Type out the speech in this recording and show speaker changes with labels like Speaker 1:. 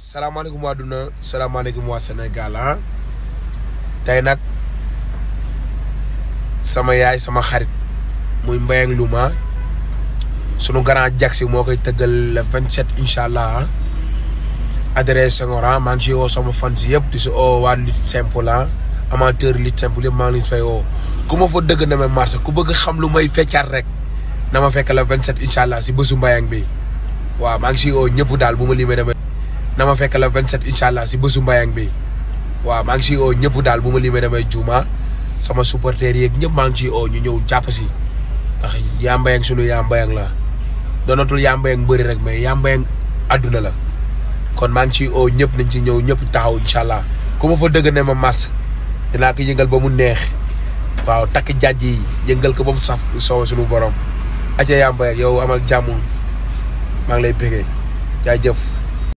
Speaker 1: salaamaaleykum aduna duna salaamaaleykum waa Sénégal ah tay nak sama yaay sama xarit muy mbay ak Luma sunu grand jaxi mo koy teugal le 27 inshallah adresse ngora man ci sama fans yeb di ci o wa lutte simple amateur lutte simple yeb man ngi fay o ku ma fa deug na ma marché ku bëgg xam lu may feccaat rek na fekk le 27 inshallah allah si mbay ak bi wa maa ci ciy ñepp dal buma limé dama Nama fekk la 27 inshallah allah si bésu mbayang bi wa nyepu ngi ci o ñëpp dal bu ma damay sama yi ak ñëpp ma ngi ci o ñu ñëw jàpp si ndax mbayang sunu ya mbayang la doonatul ya mbayang mbëri rek mais ya mbayang aduna la kon ma ngi ci o ñëpp nañ ci ñëw ñëpp taxaw inshallah allah ku ma fa dëgg ne ma mas dina ko yëngal ba mu neex waaw tak jàjj yëngal ko ba mu saf soow suñu borom aja ya mbayang yow amal jamu mang ngi lay bégee